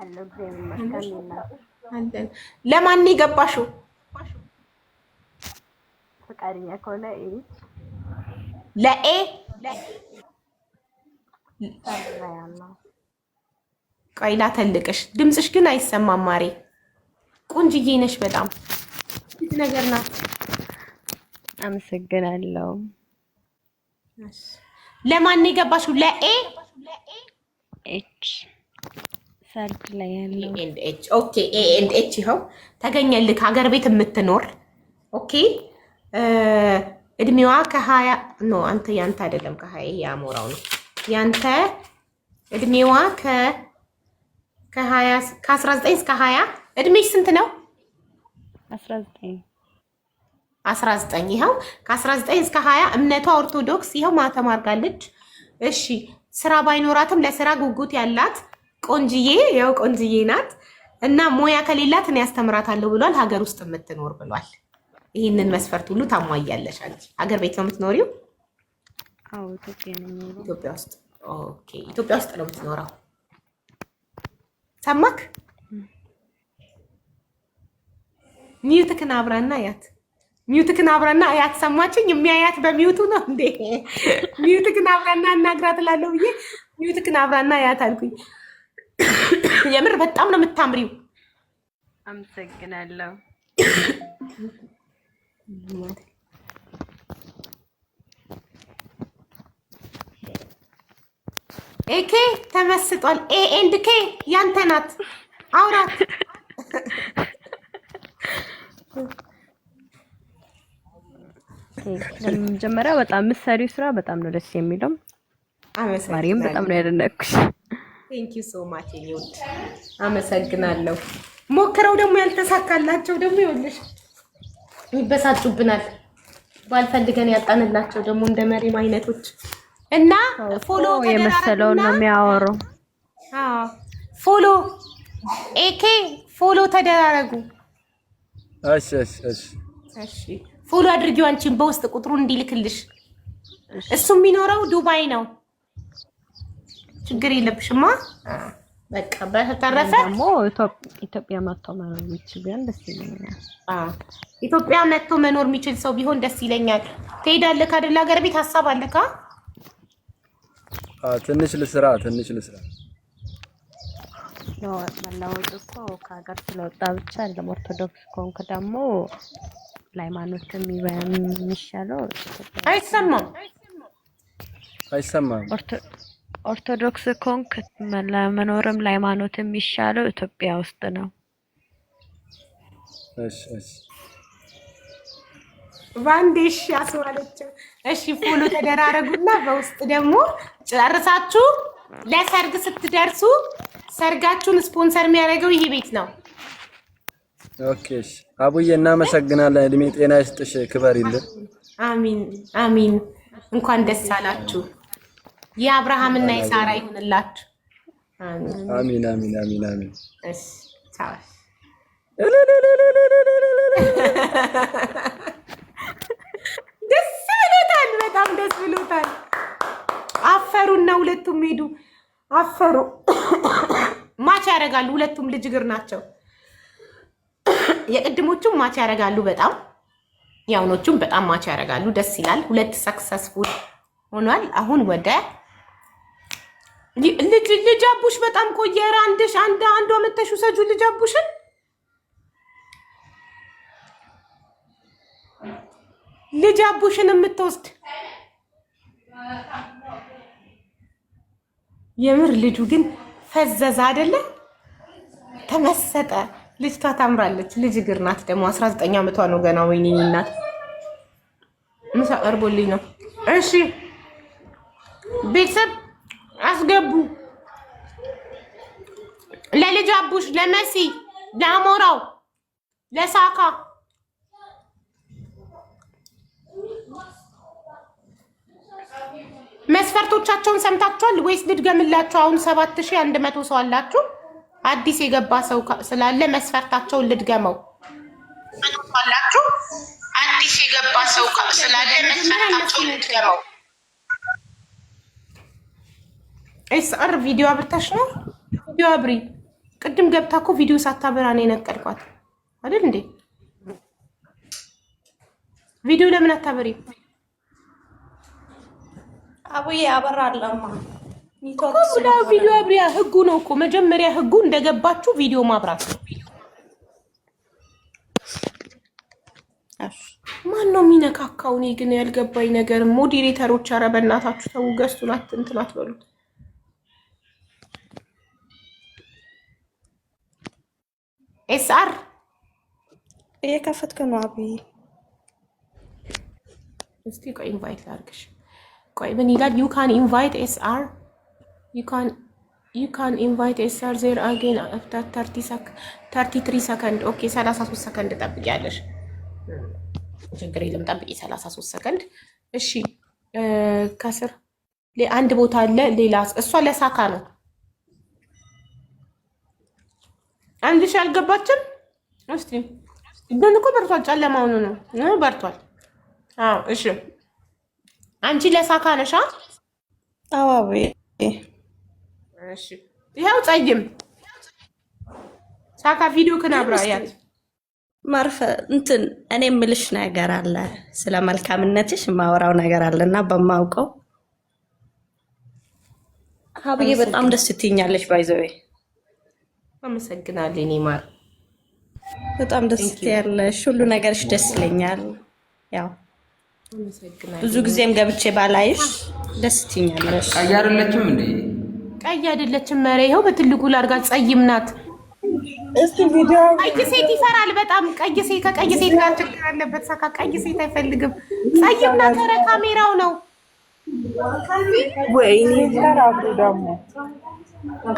አለን። ለማን የገባሽው? ፈቃደኛ ከሆነ ለኤ ቆይላ ላተልቅሽ ድምፅሽ ግን አይሰማም። ማሬ ቆንጅዬ ነሽ በጣም ፊት ነገር ናት። አመሰግናለሁ። ለማን የገባሽው? ለኤ ኤች ሰርድ ላይ ያለው ኦኬ። ኤ ኤንድ ኤች ይኸው ተገኘልክ። ሀገር ቤት የምትኖር ኦኬ። እድሜዋ ከሀያ ኖ አንተ ያንተ አይደለም ከሀያ የአሞራው ነው ያንተ እድሜዋ ከ ከሀያ ከአስራ ዘጠኝ እስከ ሀያ እድሜሽ ስንት ነው? አስራ ዘጠኝ 19 ይኸው ከ19 እስከ 20 እምነቷ ኦርቶዶክስ ይኸው ማተም አድርጋለች። እሺ ስራ ባይኖራትም ለስራ ጉጉት ያላት ቆንጅዬ ያው ቆንጅዬ ናት እና ሙያ ከሌላት እኔ ያስተምራታለሁ ብሏል። ሀገር ውስጥ የምትኖር ብሏል። ይህንን መስፈርት ሁሉ ታሟያለሽ አንቺ። ሀገር ቤት ነው የምትኖሪው? ኢትዮጵያ ውስጥ። ኦኬ፣ ኢትዮጵያ ውስጥ ነው የምትኖረው። ሰማክ ሚዩትክን አብራና አያት ሚዩትክን አብራና አያት። ሰማችኝ? የሚያያት በሚዩቱ ነው እንዴ? ሚዩትክን አብራና እናግራ ትላለሁ ብዬ ሚዩትክን አብራና አያት አልኩኝ። የምር በጣም ነው የምታምሪው። አመሰግናለሁ። ኤኬ ተመስጧል። ኤ ኤንድ ኬ ያንተ ናት። አውራት መጀመሪያ በጣም ምሳሌው ስራ በጣም ነው ደስ የሚለው። ማሪም በጣም ነው ያደነኩሽ። ቴንክ ዩ ሶ ማች ኒውድ አመሰግናለሁ። ሞክረው ደግሞ ያልተሳካላቸው ደግሞ ይኸውልሽ ይበሳጩብናል። ባልፈልገን ያጣንላቸው ደግሞ እንደ መሪም አይነቶች እና ፎሎ የመሰለውን ነው የሚያወሩ። ፎሎ ኤኬ ፎሎ ተደራረጉ። ፎሎ አድርጊው አንቺን በውስጥ ቁጥሩ እንዲልክልሽ። እሱ የሚኖረው ዱባይ ነው። ችግር የለብሽማ። በቃ በተረፈ ኢትዮጵያ መጥቶ መኖር የሚችል ቢሆን ደስ ይለኛል። ኢትዮጵያ መጥቶ መኖር የሚችል ሰው ቢሆን ደስ ይለኛል። ትሄዳለህ ሀገር ቤት ሀሳብ አለካ? ትንሽ ልስራ ትንሽ ልስራ። መለወጥ እኮ ከሀገር ስለወጣ ብቻ አይደለም። ኦርቶዶክስ ከሆንክ ደግሞ ለሃይማኖት የሚሻለው አይሰማም አይሰማም ኦርቶዶክስ ከሆንክ ለመኖርም ለሃይማኖት የሚሻለው ኢትዮጵያ ውስጥ ነው። እሺ እሺ፣ እሺ አስባለችው። እሺ ፉሉ ተደራረጉና በውስጥ ደግሞ ጨርሳችሁ ለሰርግ ስትደርሱ ሰርጋችሁን ስፖንሰር የሚያደርገው ይሄ ቤት ነው። ኦኬ እሺ። አቡዬ እናመሰግናለን። እድሜ ጤና ይስጥሽ፣ ክበሪልን። አሚን አሚን። እንኳን ደስ አላችሁ። የአብርሃምና የሳራ ይሁንላችሁ። አሚን አሚን አሚን አሚን። ደስ ብሎታል፣ በጣም ደስ ብሎታል። አፈሩና ሁለቱም ሄዱ። አፈሩ ማች ያደርጋሉ። ሁለቱም ልጅ እግር ናቸው። የቅድሞቹም ማች ያደርጋሉ በጣም የአሁኖቹም በጣም ማች ያደርጋሉ። ደስ ይላል። ሁለት ሰክሰስፉል ሆኗል። አሁን ወደ ልጅ ልጅ አቡሽ በጣም ቆየረ። አንድሽ አንድ አንድ ወመተሽ ውሰጁ ልጅ አቡሽን ልጅ አቡሽን የምትወስድ የምር ልጁ ግን ፈዘዘ አይደለ? ተመሰጠ። ልጅቷ ታምራለች። ልጅ እግር ናት ደግሞ 19 ዓመቷ ነው ገና። ወይኔ እናት ምሳ ቀርቦልኝ ነው። እሺ ቤተሰብ አስገቡ ለልጅ አቡሽ፣ ለመሲ፣ ለአሞራው፣ ለሳካ መስፈርቶቻቸውን ሰምታችኋል ወይስ ልድገምላችሁ? አሁን ሰባት ሺህ አንድ መቶ ሰው አላችሁ። አዲስ የገባ ሰው ስላለ መስፈርታቸውን ልድገመው። አዲስ የገባ ሰው ስላለ መስፈርታቸውን ልድገመው። ኤስአር ቪዲዮ አብርታሽ ነው ቪዲዮ አብሪ። ቅድም ገብታ እኮ ቪዲዮ ሳታበራ ነው የነቀልኳት አይደል እንዴ? ቪዲዮ ለምን አታበሪ? አቡዬ አበራለማ ቪዲዮ አብሪያ። ህጉ ነው እኮ መጀመሪያ ህጉ እንደገባችሁ ቪዲዮ ማብራት ነው። ማን ነው የሚነካካው? እኔ ግን ያልገባኝ ነገር ሞዴሬተሮች፣ ኧረ በእናታችሁ ተው፣ ገዝቱን አትንትን አትበሉት። ኤስአር አር እየከፈትክ ነው አብይ። እስቲ ቆይ ኢንቫይት ላድርግሽ። ቆይ ምን ይላል? ዩ ካን ኢንቫይት ኤስ አር ዩ ካን ኢንቫይት ኤስ ዜር አጌን አፍተር ተርቲ ትሪ ሰከንድ። ኦኬ ሰላሳ ሶስት ሰከንድ ጠብቂያለሽ። ችግር የለም ጠብቂ ሰላሳ ሶስት ሰከንድ። እሺ ከስር አንድ ቦታ አለ ሌላ እሷ ለሳካ ነው አንድ ሺ አልገባችም። እስቲ ግን እኮ በርቷል። ጨለማ ሆኖ ነው በርቷል። አዎ እሺ። አንቺ ለሳካ ነሻ? አዎ እሺ ይኸው ፀይም ሳካ ቪዲዮ ክናብራ ያት ማርፈ እንትን እኔ የምልሽ ነገር አለ። ስለ መልካምነትሽ የማወራው ነገር አለ እና በማውቀው ሀብዬ በጣም ደስ ትኛለሽ ባይዘዌ አመሰግናለሁ። እኔ ማር በጣም ደስ ያለሽ ሁሉ ነገርሽ ደስ ይለኛል። ያው ብዙ ጊዜም ገብቼ ባላይሽ ደስ ትኛለሽ። ቀይ አይደለችም እንዴ? ቀይ አይደለችም። መሬ ይኸው በትልቁ ላርጋ ጸይም ናት። እስቲ ቪዲዮ ቀይ ሴት ይፈራል በጣም ቀይ ሴት ከቀይ ሴት ጋር ችግር አለበት። ሳካ ቀይ ሴት አይፈልግም። ጸይም ናት። ኧረ ካሜራው ነው ወይኔ ደግሞ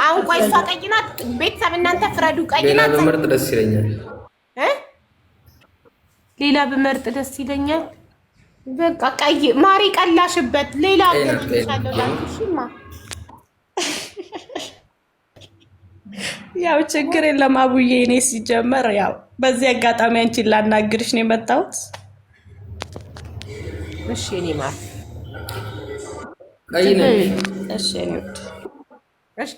አሁን ቆይ እሷ ቀይ ናት። ቤተሰብ እናንተ ፍረዱ። ቀይ ናት። ሌላ ብመርጥ ደስ ይለኛል። ሌላ ብመርጥ ደስ ይለኛል። በቃ ቀይ ማሪ ቀላሽበት። ሌላ ያው ችግር የለም አቡዬ። እኔ ሲጀመር ያው በዚህ አጋጣሚ አንቺን ላናግርሽ ነው የመጣሁት። እሺ እኔ ማር ቀይ ነኝ። እሺ እኔ ወድ እሺ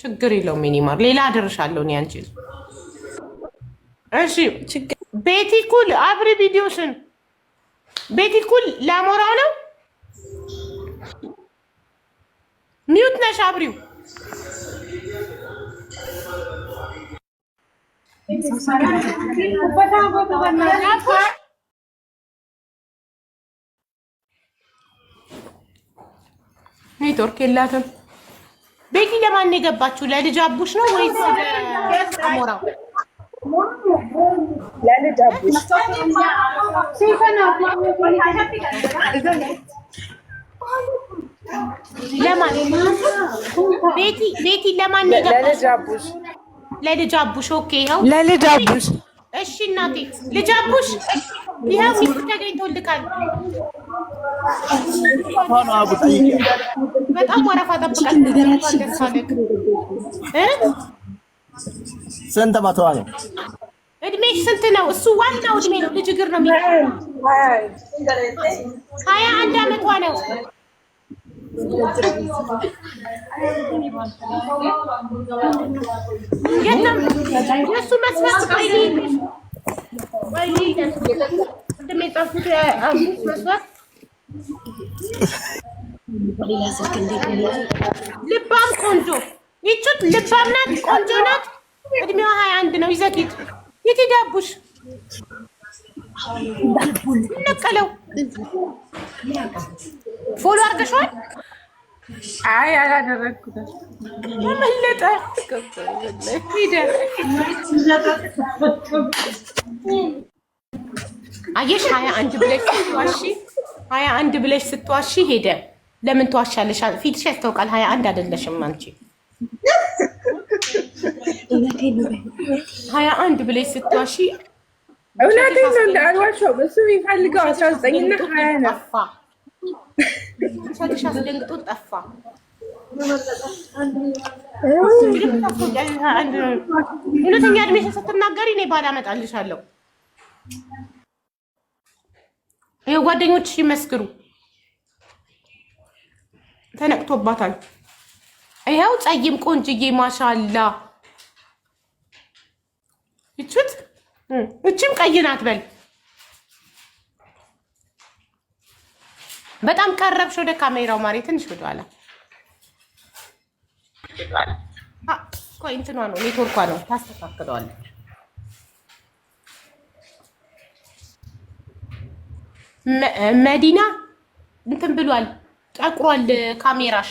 ችግር የለው ሚኒማር ሌላ አደርሻለሁ። እኔ አንቺ እሺ ቤቲ ኩል አብሪ ቪዲዮሽን ቤቲ ኩል ላሞራው ነው ሚዩት ነሽ አብሪው ኔትወርክ የላትም። ቤቲ ለማን የገባችው? ለልጅ አቡሽ ነው ወይስ ለአሞራው? ቤቲ ለማን የገባሽ? ለልጅ አቡሽ። ኦኬ ይኸው ለልጅ አቡሽ። እሺ እናቴ ልጅ አቡሽ ይኸው ሚስት ተገኝቶልካል። በጣም ወረፋ ጠብቀን ስንት መቶ ነው? እድሜሽ ስንት ነው? እሱ ዋናው እድሜ ነው። ልጅ እግር ነው የሚለው። ሀያ አንድ አመቷ ነው። የእሱ መስፈርት ቆይ፣ ቆይ፣ ቅድም የጻፉት መስፈርት ልባም ቆንጆ ይቹት ልባም ናት፣ ቆንጆ ናት። እድሜዋ ሀያ አንድ ነው። ይዘግድ የት ዳቡሽ ነቀለው ፎሎ አድርገሽዋል? አይ አላደረግኩትም። መለጠ አየሽ ሀያ አንድ ብለሽ ዋሺ ሀያ አንድ ብለሽ ስትዋሺ ሄደ። ለምን ትዋሻለሽ? ፊትሽ ያስታውቃል። ሀያ አንድ አይደለሽም አንቺ። ሀያ አንድ ብለሽ ስትዋሺ እውነቴን ነው። እንደ አልዋሸሁም። እሱ የሚፈልገው አስራ ዘጠኝና ሀያ ነው። ሻሽ አስደንግጦ ጠፋ። እውነተኛ እድሜሽን ስትናገሪ እኔ ባል ይኸው ጓደኞች ይመስክሩ። ተነቅቶባታል። ይኸው ፀይም ቆንጅዬ ማሻላ ይችት እችም ቀይ ናት። በል በጣም ቀረብሽ ወደ ካሜራው ማሬ፣ ትንሽ ወደኋላ እንትኗ ነው ኔትወርኳ ነው ታስተካክለዋለች። መዲና እንትን ብሏል፣ ጠቁሯል ካሜራሽ